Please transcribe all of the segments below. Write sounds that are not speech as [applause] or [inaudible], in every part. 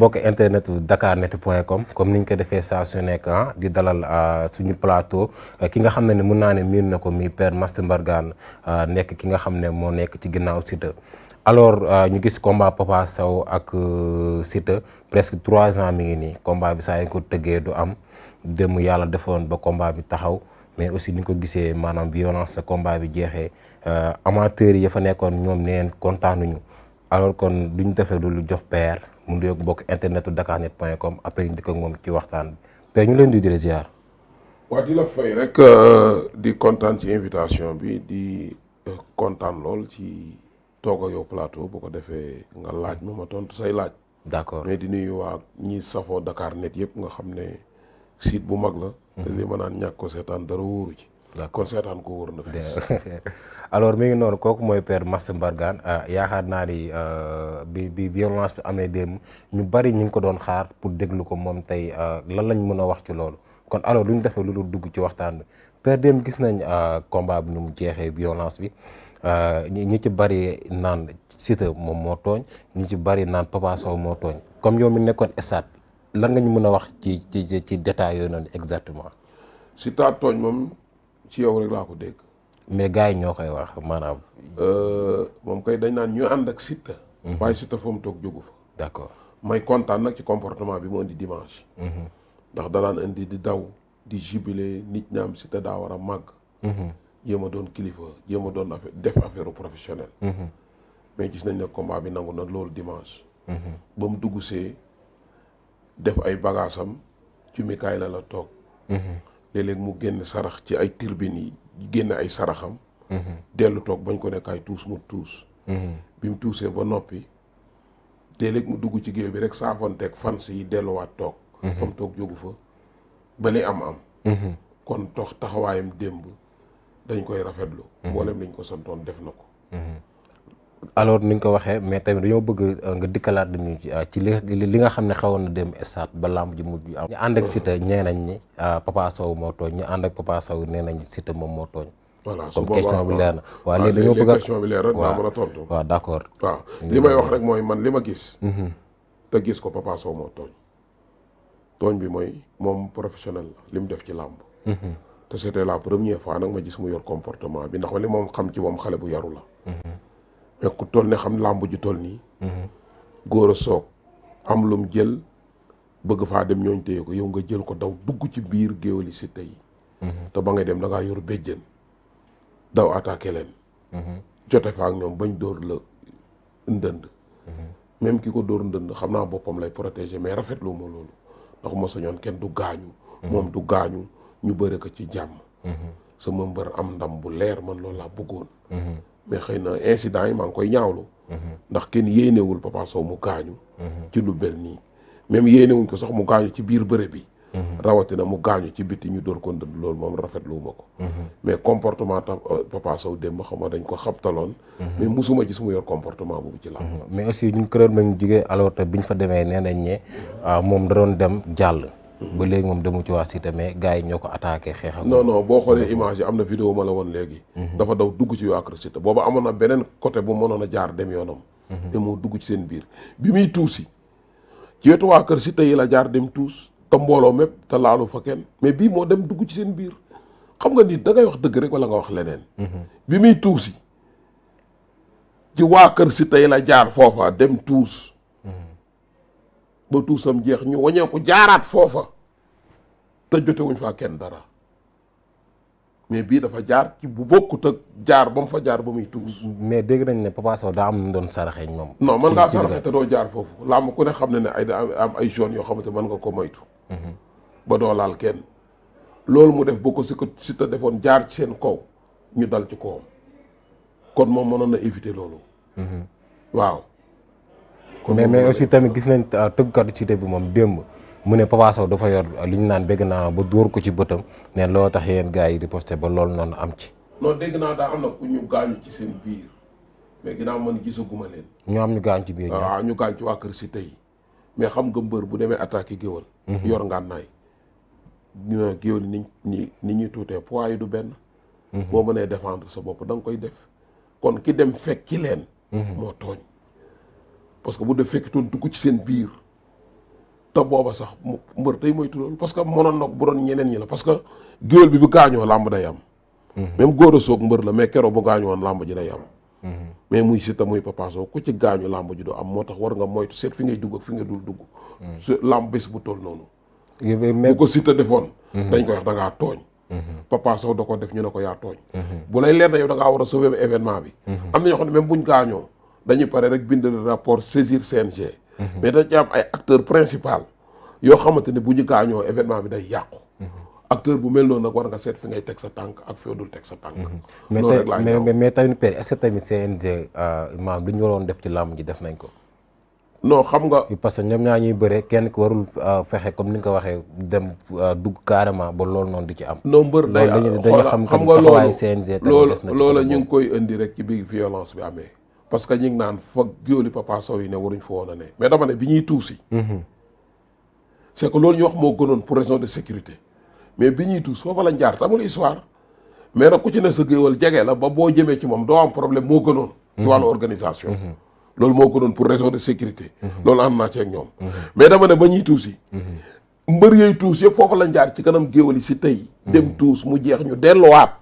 mbokk internet dakarnet point com comme ni ñu ko defee saa su nekk ah di dalal ah, suñu plateau ah, ki nga xam ne mun naa ne miin na ko mi père Max ah, nekk ki nga xam ne moo nekk ci ginnaaw Siteu alors ñu gis combat Papa Sow ak euh, Siteu presque trois ans mi ngi nii combat bi saa yu ko tëggee du am dem yàlla defoon ba combat bi taxaw mais aussi ni ko gisee maanaam violence la combat bi jeexee euh, amateurs yi fa nekkoon ñoom neen kontaanuñu alors kon duñ defee lu jox père mu ngi yokk bokk internetu dakarnet point com après ñu dëkk ak moom ci waxtaan bi ñu leen di di ziar. waa di la fay rek euh, di kontaan ci invitation bi di euh, kontaan lool ci toog ak yow plateau bu ko defee nga laaj ma ma tontu say laaj. d'accord mais di nuyu waa ñi safoo Dakar net yëpp nga xam ne site bu mag la. Mm-hmm. te li ma naan ñàkk ko seetaan dara wóoru ci. kon seetaan ko wër na fi. [laughs] alors mi ngi noonu kooku mooy père Max Mbargane ah, yaakaar naa ni euh, bi bi violence bi amee démb ñu bari ñu ngi ko doon xaar pour déglu ko moom tey euh, lan lañ mën a wax ci loolu kon alors lu ñu defee lu dugg ci waxtaan bi gis nañ euh, combat nu mu jeexee violence bi ñi ci bari naan Siteu moom moo tooñ ñi ci bari naan Papa Sow comme yow mi nekkoon stade lan nga ñu mën a wax ci ci ci détails yooyu noonu exactement. Siteu tooñ moom. ci yow rek laa ko dégg. mais gars yi ñoo koy wax maanaam. Euh, moom kay dañ naan ñu ànd ak Siteu. Mhm. waaye Siteu fa mu toog jógu fa. d'accord may kontaan nag ci comportement bi mu indi dimanche. Mhm. ndax danaan indi di daw di jubilé nit ñaam Siteu daa war a màgg. Mhm. jéem a doon kilifa jéem a doon affaire def affaire professionnel. mais gis nañ ne combat bi nangu na loolu dimanche. ba mu dugg see def ay bagaasam ci la la toog. léeg mu génn sarax ci ay turbine yi génn ay saraxam mhm. dellu toog bañ ko nekkaay tuus mu tuus mhm. bi mu tuusee ba noppi léeg mu dugg ci géew bi rek teg fans yi delluwaat toog mhm. fam toog jógu fa ba li am am kon tox taxawaayam démb dañ koy rafetlu mboolem lañ ko santoon def na ko alors ni nga ko waxee mais tamit dañoo bëgg euh, nga dikkalaat dañu euh, ci li li nga xam ne xewoon na dem stade ba lamb ji mujj am. ñu ànd ak Siteu nee nañ ni euh, moo tooñ ñu ànd ak Papa Sow nee nañ Siteu moom moo tooñ. voilà su boobaa question ah, dañoo bëgg a question leer na dinaa mën a li may wax rek mooy man li ma gis. Mhm. te gis ko Papa Sow moo tooñ. bi mooy moom professionnel li mu def ci làmb. Mhm. te c' était la première fois nag ma gis mu yor comportement bi ndax li moom xam ci moom xale bu yaru la. Mhm. mais ku toll ne xam làmb ju toll nii. Mhm. góor a soog am lum jël bëgg faa dem ñooñ téye ko yow nga jël ko daw dugg ci biir géwéli si tey. Mhm. te ba ngay dem da yor béjjën daw attaqué leen. Mhm. jote fa ak ñoom bañ dóor la ndënd. même ki ko dóor ndënd xam naa boppam lay protéger mais rafetlu ma loolu ndax ma sañoon kenn du gaañu. moom du gaañu ñu bëre ko ci jàmm. sama mbër am ndam bu leer man loolu laa bëggoon. mais xëy na incident yi maa ngi koy ñaawlu. ndax kenn yéenewul Papa Sow mu gaañu. ci lu bel nii même yéenewuñ ko sax mu gaañu ci biir bëre bi. rawatina mu gaañu ci biti ñu door kon ndënd loolu moom rafet rafetluwuma ko. mais comportement tam euh, Papa Sow xam nga dañ ko xabtaloon. mais musuma ci suma yor comportement boobu ci la. mais aussi ñun kër nañ jugee alors te biñ fa demee nee nañ ne euh, moom da doon dem jàll. ba léegi moom demu ci waa Cité mais gars yi ñoo ko attaqué xeex ak non boo xoolee image yi am na vidéo ma la woon léegi mhm. dafa daw dugg ci waa kër Cité booba amoon na beneen côté bu mënoon a jaar dem yoonam mhm. te moo dugg ci seen biir bi muy tuusi ci wetu waa kër Cité yi la jaar dem tuus te mbooloo mépp te laalu fa kenn mais bii moo dem dugg ci seen biir xam nga nit da ngay wax dëgg rek wala nga wax leneen mhm. bi muy tuusi ci waa kër Cité yi la jaar foofa dem tuus ba tuusam jeex ñu wañeeku jaaraat foofa te jotewuñ faa kenn dara mais bii dafa jaar ci bu bokkut ak jaar ba mu fa jaar ba muy tuus. mais dégg nañ ne Papa Sow daa am nu doon saraxee moom. non mën ngaa saraxee te jaar foofu làmb ku ne xam ne ne ay da am ay zones yoo xamante mën nga ko maytu mhm. ba doo laal kenn. loolu mu def boo ko si ko si te defoon jaar ci seen kaw ñu dal ci kawam kon moom mënoon a éviter loolu. Mhm. waaw. mais mais aussi tamit gis nañ ah, tëggkatu cité bi moom démb mu ne Papa dafa yor li ñu naan bëgg naa ba dóor ko ci bëtam ne loo tax yéen gaa yi di posté ba loolu noonu am ci. non dégg naa daa am na ku ñu gaañu ci seen biir mais ginnaaw man gisaguma leen. ñu am ñu gaañ ci biir ñoom ah, ñu gaañ ci waa kër si tey mais xam nga mbër bu demee attaqué géwal. Mhm. yor ngànnaay géwal ni ni ni ñuy tuutee poids yi du benn. Mhm. boo mënee défendre sa bopp da nga koy def kon ki dem fekki leen. Mhm. moo parce que bu def fekkitoon dugg ci seen biir te booba sax mbër tey moytu loolu parce que mënoon na bu doon ñeneen ñi la parce que géwél bi bu gaañoo làmb day am mhm. même góor a soog mbër la mais keroog bu woon làmb ji day am mhm. mais muy Siteu muy Papa Sow ku ci gaañu làmb ji doo am moo tax war nga moytu seet fi ngay dugg ak fi nga dul dugg mhm. làmb bés bu toll noonu bu ko Siteu defoon dañ koy wax da ngaa tooñ Papa Sow da ko def ñu ne ko yaa tooñ bu lay leer na événement bi am na ñoo gaañoo dañu pare rek bindal rapport saisir CNG. mais dañ ci am ay acteur principal yoo xamante ne bu ñu gaañoo événement bi day yàqu. acteur bu mel noonu nag war nga seet fi ngay teg sa tànk ak fi dul teg sa tànk. Mhm. loolu rek laay mais mais tamit père est-ce que euh, waroon def ci làmb ji def nañ ko. non xam nga. parce que ñoom ñaa ñuy bëre kenn ku warul euh, fexe comme ni nga ko waxee dem euh, dugg carrément ba lool noonu di ci am. non mbër day am xam nga loolu xam nga loolu. loolu ñu ngi koy indi rek ci biir violence bi amee. parce que ñu ngi naan fa géwéli Papa Sow yi ne waruñ fa woon a ne mais dama ne bi ñuy tuub si mhm. loolu ñu wax moo gënoon pour raison de sécurité mais bi ñuy tuus foofa lañ jaar te amul histoire mais nag ku ci ne sa géwél jege la ba boo jëmee ci moom doo am problème moo gënoon ci wàllu mhm. organisation mhm. loolu moo gënoon pour raison de sécurité loolu am naa ci ak ñoom mais dama ne ba ñuy tuus mbër yooyu tuus yëpp foofa lañ jaar ci kanam géwél yi si tey dem tuus mu jeex ñu delluwaat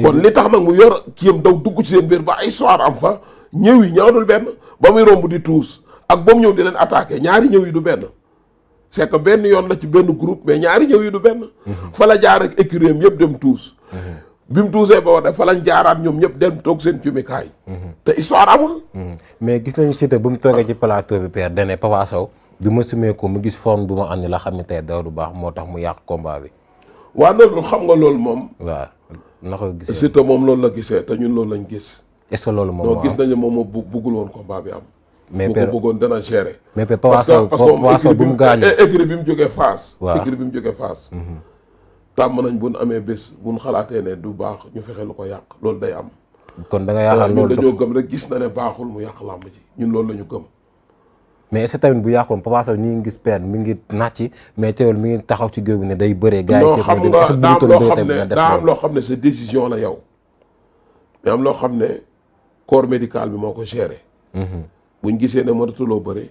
kon li tax nag mu yor kiyam daw dugg ci seen biir ba ay soir am fa ñëw yi ñëwatul benn ba muy romb di tuus ak ba mu ñëw di leen attaqué ñaari ñëw yi du benn c'est benn yoon la ci benn group mais ñaari ñëw yi du benn mhm. fa la jaar ak écurie yëpp dem tuus mhm. bi mu tuusee ba wax fa lañ jaaraat ñoom ñëpp dem toog seen cumikaay mhm. te histoire amul mais gis nañu Siteu bu mu toogee ci plateau bi père dane Papa bi ma sumee ko mu gis forme bu ma àndi la xam ne tey daw du baax moo tax mu yàq combat bi waa nag xam nga loolu moom. waaw na ko gisee surtout moom loolu la gisee te ñun loolu lañ gis. est-ce que loolu moom moo gis nañu moom moo bëggul woon combat bi am. mais père bu ko bëggoon dana gérer. mais père Papa Sow Papa Sow bu mu gaañu parce bi mu jógee Fass. waaw écurie bi mu jógee Fass. Mhm. tàmm nañ bu ñu amee bés bu ñu xalaatee ne du baax ñu fexee lu ko yàq loolu day am. kon da nga yaakaar loolu dañoo gëm rek gis na ne baaxul mu yàq làmb ci ñun loolu la ñu gëm. mais est-ce bu yàqoon Papa Sow ngi gis perte mi ngi nàcc mais teewul mi ngi taxaw ci géew bi ne day bëree. gars yi xam nga daa am loo xam ne daa am loo xam ne sa décision la yow. daa am loo xam ne corps médical bi moo ko géré. Mhm. buñ gisee ne mënatuloo bëre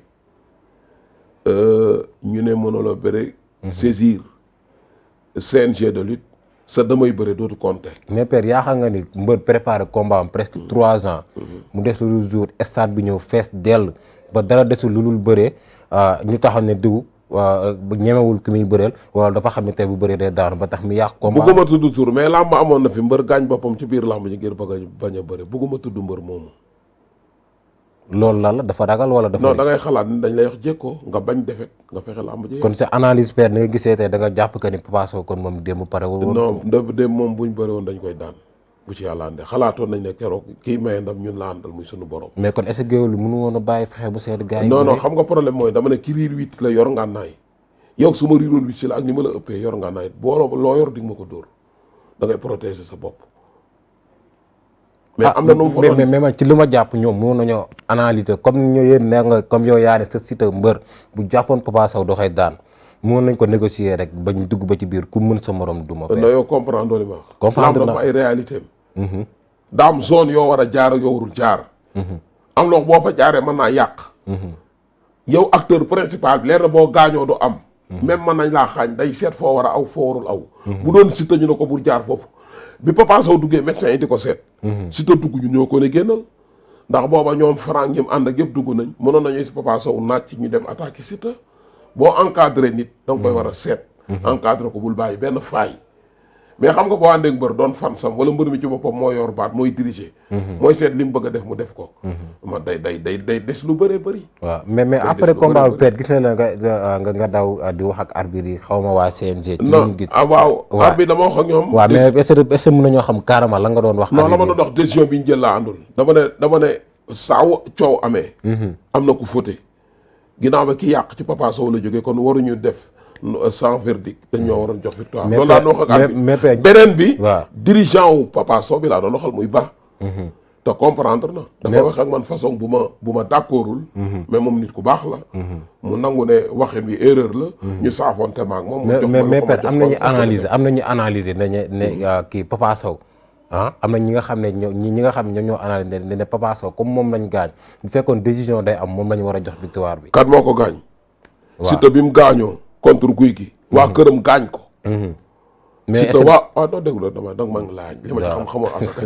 euh, ñu ne mënuloo bëre. Mhm. saisir CNG de lutte. sa damay bëre dootu compter. mais père yaakaar nga ni mbër préparé combat am presque trois ans. mu def lu jour stade bi ñëw fees dell ba dara desul lu dul bëree ah, ñu taxaw ne diw ah, ñemewul ki muy bëreel wala dafa xam ne tey bu bëree day daanu ba tax mu yàq. combat bugguma tudd tur mais làmb amoon na fi mbër gaañ boppam ci biir làmb ji ngir bëgg a bañ a bëre bugguma tudd mbër moomu. loolu lan la dafa ragal wala dafa. non da ngay xalaat ni dañ lay wax jekkoo nga bañ defet nga fexe la am. kon sa analise père ni nga gisee tey da nga jàpp que ni Papa Sow kon moom démb pare moom bu ñu bëri woon dañ koy daan bu ci yàlla andee xalaatoon nañ ne keroog kii maye ndam ñun la àndal muy sunu borom. mais kon est-ce que géwél bàyyi fexe bu seet. gars yi non non xam nga problème mooy dama ne ki riir huit la yor ngaa naay yow su ma riiroon huit si la ak ëppee yor ngaa naay boo loo yor di nga ko dóor da ngay sa bopp mais ah, am na nu mu mais mais man ci li ma jàpp ñoom mën nañoo analyser comme ñoo yéen nee nga comme yaa ne sa site mbër bu jàppoon Papa Sow doxee daan mën nañ ko négocier rek bañ dugg ba ci biir ku mën sa morom duma. te yow comprendre li ma wax. réalité am. Mhm. daa am zone yoo war a jaar yoo warul jaar. Mhm. am loo boo fa jaaree mën naa yàq. Mhm. yow acteur principal bi leer na boo gaañoo du am. même man nañ laa xaañ day seet foo war a aw foo warul aw. bu doon site ñu ne ko bul jaar foofu. bi Papa Sow duggee médecin yi di ko seet. si te dugg ñu ñoo ko ne génnal. ndax booba ñoom franc ñim ànd ak yëpp dugg nañ mënoon nañu si Papa naat ci ñu dem attaque si te boo encadré nit. da nga mm-hmm. war a seet. Mm-hmm. encadré ko bul bàyyi benn faay. mais xam nga boo àndeek mbër doon fan sam wala mbër mi ci boppam moo yor baat mooy diriger. Mhm. mooy seet li mu bëgg a def mu def ko. Mhm. ma day day day des lu bëree bëri. waaw mais mais après combat bi peut-être gis na nga nga daw euh, di wax ak arbitre yi xaw ma waa CNG. ci li ñu gis non ah, waaw arbitre dama wax ak ñoom. waaw xam carrément la nga doon wax. non la ma doon wax décision bi ñu jël laa àndul. dama ne dama ne saaw coow amee. Mhm. am na ku fóote. ginnaaw ba ki yàq ci Papa Sow la jógee kon waruñu def. Euh, sans verdict dañ ñoo hmm. waroon jox victoire. loolu laa doon wax ak beneen bi. waaw dirigeant wu Papa Sow bi laa doon waxal muy ba hmm. te comprendre na. dafa wax ak man façon bu ma bu ma d'accordul. Hmm. mais moom nit ku baax la. mu nangu ne waxin bi erreur la. ñu saafoonte ma ak moom. mu jox mais mais père am nañu analyser am nañu analyser nañu ne euh, kii Papa Sow. ah am na ñi nga xam ne ñoo ñi nga xam ne ñoo analyser ne Papa Sow comme moom lañ gaañ bu fekkoon décision day am moom lañu war a jox victoire bi. kat moo ko gaañ. waaw Siteu bi mu gaañoo. contre guy gi. waa mhm. këram gaañ ko. Mhm. mais est-ce que waaw waaw doo déglu dama danga maa ngi laaj. li ma ci xam xamoo asaka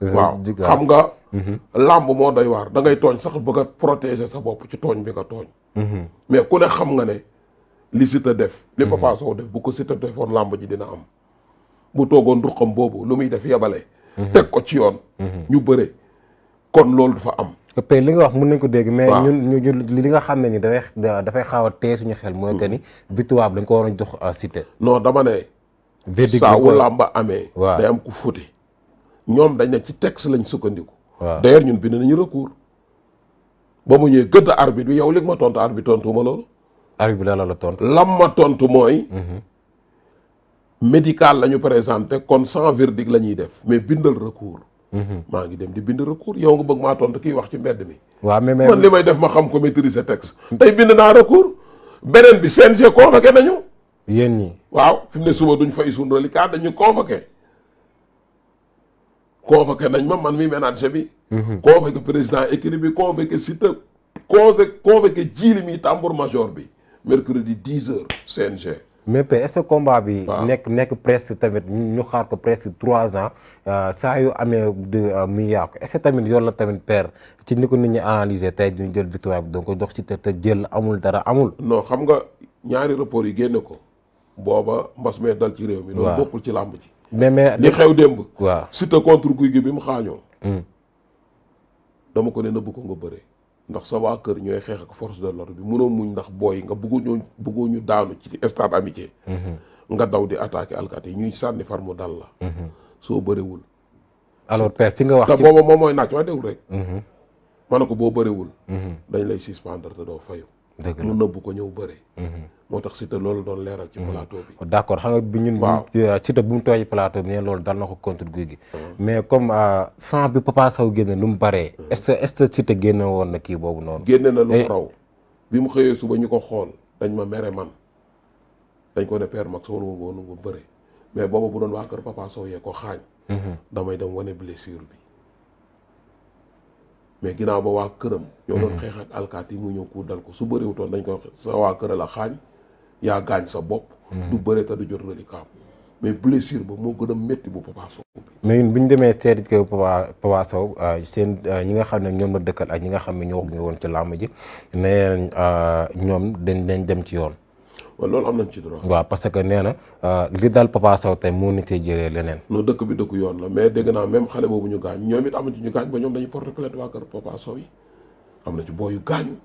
[laughs] waaw xam nga. Mhm. làmb moo doy waar da ngay tooñ sax bëgg a protéger sa bopp ci tooñ bi nga tooñ. mais ku ne xam nga ne li Siteu def. li Papa Sow def bu ko Siteu defoon làmb ji dina am. bu toogoon xam boobu lu muy def yebale. teg ko ci yoon. ñu bëre kon loolu dafa am. pay li nga wax mun nañ ko dégg mais ñun ñu li nga xam ne ni dafay dafay xaaw a tee suñu xel mooy que ni victoire dañ ko war a jox euh, Siteu non dama ne verdict saa wu làmba amee waaw day am ku fute ñoom dañ ne ci texte lañ sukkandiku waaw d'ailleurs ñun bind nañu recours ba mu ñëwee gëdd arbitre bi yow li ma tontu arbitre tontu ma loolu arbitre bi la la tontu lam ma tontu mooy mhm. médical par ñu te kon sans verdict la ñuy def mais bindal recours Mhm. maa ngi dem di bind recours yow nga bëgg maa tontu kii wax ci mbedd mi. waa mais man li may def ma xam ko maîtriser texte. Hmm. tey bind naa recours beneen bi CNG convoqué nañu. yéen ñi waaw fi mu ne suba duñ fay suñu reliquat dañu convoqué. convoqué nañ ma man mi ménager bi. Mhm. convoqué président équipe bi convoqué site. convoqué convoqué jiili mi tambour major bi mercredi 10 heures CNG. mais père est-ce que combat bi. nekk nekk presque tamit ñu xaar ko presque trois ans euh, saa yu amee de euh, muy yàqu est-ce que tamit yoon la tamit père ci ni ko nit ñi analyser tey jël victoire bi donc ko jox ci te te jël amul dara amul. non xam nga ñaari rapport yi génne ko booba mbas mee dal ci réew mi. waaw loolu bokkul ci làmb ji. mais mais li xew démb. waaw Siteu contre Gouye Gui bi mu xaañoo. Hmm. dama ko ne nëbbu ko nga bëree. ndax sa kër ñooy xeex ak force de l'ordre bi mënoo muñ ndax booy nga bëggu ñu bëggu ñu daanu ci stade amitié. Mhm. nga daw di attaqué alkaat yi ñuy sànni far mu dal la. Mhm. soo bëriwul. alors père fi nga wax ci booba moom mooy naaj waaye déglu rek. Mhm. ma ne ko boo bëriwul. dañ lay suspendre te doo fayu. mu nëbbu ko ñëw bëri mhm. moo tax Siteu loolu doon leeral ci mhm. plateau bi d' xam nga bi ñun euh, Siteu bu mu tooy plateau bi neen loolu dal na ko contre Gouye Gui mhm. mais comme euh, sang bi Papa Sow génne nu mu bëree est-ce est-ce génne woon na kii boobu noonu génne na lu eh. raw bi mu xëyee suba ñu ko xool dañ ma mere man dañ koo ne père mag soolu ma woonu nga mais boobu bu doon waa kër Papa Sow yee ko xaañ damay dem wane blessure bi mais ginaaw ba waa këram. ñoo doon mhm. xeex ak alkaati yi mu ñëw ku dal ko su bëriwutoon dañ ko sa waa kër la xaañ yaa gaañ sa bopp. Mhm. du bëre te du jot reliquat mais blessure ba moo gën a métti bu Papa Sow. mais ñun bu ñu demee seeti ko Papa Papa Sow euh, seen euh, ñi nga xam ne ñoom la dëkkal ak ñi nga xam ne ñoo ñu woon ci làmb ji nee euh, ñoom dañ dañ dem ci yoon. waaw loolu am nañ ci droit. waaw parce que nee na euh, li daal Papa Sow tey moo nitee jëree leneen. non dëkk bi dëkk yoon la mais dégg naa même xale boobu ñu gaañ ñoom it am na ci ñu gaañ ba ñoom dañuy porter plainte waa kër na ci booy yu gaañu.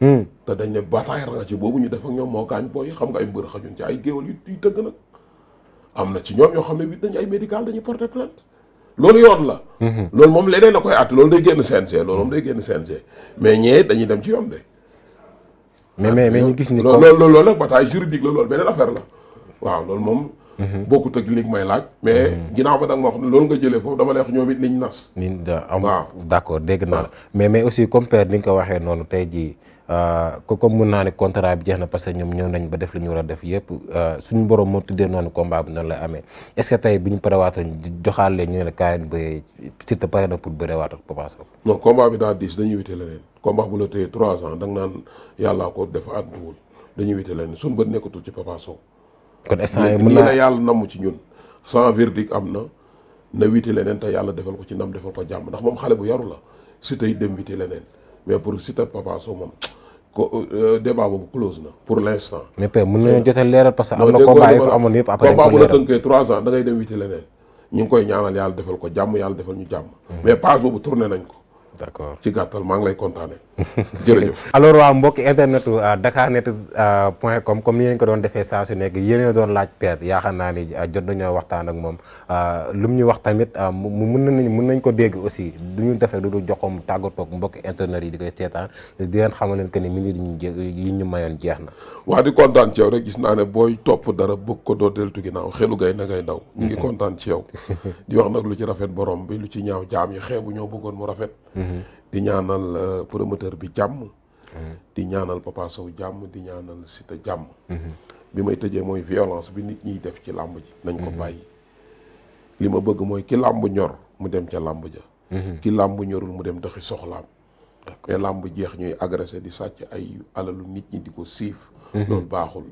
Hmm. dañ ne bataille rang boobu ñu def ak ñoom moo gaañ booy xam nga ay mbër xajuñ ci ay géwal yu tëgg nag am na ci ñoom yoo xam ne bi dañ ay médical dañuy porter plainte loolu yoon la. Hmm. loolu moom leneen la koy at loolu day génn CNG loolu moom day génn CNG mais ñee dañuy dem ci yoon de mais mais mais ñu gis ni. loolu loolu loolu nag bataille juridique la loolu beneen affaire la waaw loolu moom. Mhm. bokkut ak léegi may laaj. mais mhm. ginnaaw ba da nga ma wax loolu nga jëlee foofu dama lay naa la mais mais aussi comme père ni nga ko waxee noonu tey jii euh, ko comme mun naa ne contrat bi jeex na parce que ñoom ñëw nañ ba def li ñu war a def yëpp euh, suñu noonu combat bi noonu lay ñu pareewaatoon joxaale ñu ne la kaay pare na pour bëreewaat ak Papa Sow. daa diis dañuy wute leneen. combat bu la téye trois ans da nga naan yàllaa la yàlla namm ci ñun sans verdict na na ko ci ndam defal ko jàmm ndax moom xale bu yaru la si tey dem wite leneen mais pour si tey Papa Sow moom. ko euh, débat boobu l' na trois ans da dem witi leneen ñu koy ñaanal yàlla defal ko jàmm yàlla defal ñu jàmm. Mm. mais page boobu tourné nañ ko. d'accord ci gàttal maa ngi lay kontaane [laughs] jërëjëf alors waaw mbokki internet euh, dakarnet euh, point com comme ni ngeen ko doon defee saa su nekk yéen doon laaj Père yaakaar naa ni euh, jot nañoo waxtaan ak moom lu mu ñu wax tamit mu mun nañ mun nañ ko dégg aussi du ñu defee du du joxoom tàggatoog mbokki internet yi di koy seetaan di leen xamal leen que ni minute yi ñu mayoon jeex na waa di kontaan ci yow rek gis naa ne booy topp dara bëgg ko doo deltu ginnaaw xelu gay na ngay daw ñu ngi kontaan ci yow [laughs] di wax nag lu ci rafet borom bi lu ci ñaaw jaam yi xeebu ñoo bëggoon mu rafet mm-hmm. di ñaanal euh, promoteur bi jàmm. di ñaanal Papa Sow jàmm di ñaanal Siteu jàmm. bi may tëjee mooy violence bi nit ñiy def ci làmb ji. nañ ko bàyyi li ma bëgg mooy ki làmb ñor mu dem ca làmb ja. ki làmb ñorul mu dem doxi soxlaam. mais làmb jeex ñuy agressé di sàcc ay alalu nit ñi di ko siif. Mhm. loolu baaxul.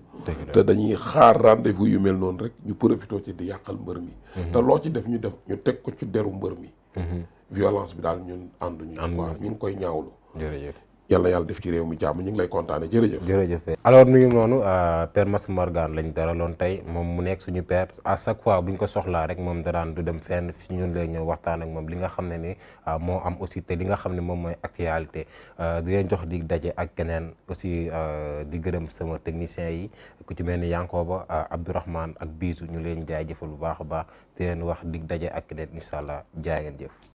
te dañuy xaar rendez yu mel noonu rek ñu profité ci di yàqal mbër mi. Mhm. te loo ci def ñu def ñu teg ko ci deru mbër mi. Mm-hmm. violence bi daal ñun ànduñu. ànduñu quoi ñu ngi koy ñaawlu. jërëjëf yàlla yàlla def ci réew mi jàmm ñu ngi lay kontaane jërëjëf. jërëjëf alors mi ngi noonu euh, père Massou Mbargane dara loon tey moom mu nekk suñu père à chaque fois bu ñu ko soxlaa rek moom daraan du dem fenn fi ñun lay ñëw waxtaan ak moom li nga xam ne ni euh, moo am aussi te li nga xam ne moom mooy actualité euh, di leen jox di daje ak keneen aussi di gërëm sama technicien yi ku ci mel ni Yankoba Abdourahmane ak biisu ñu leen jaay jëfal bu baax a baax di leen wax di daje ak keneen incha allah jaay ngeen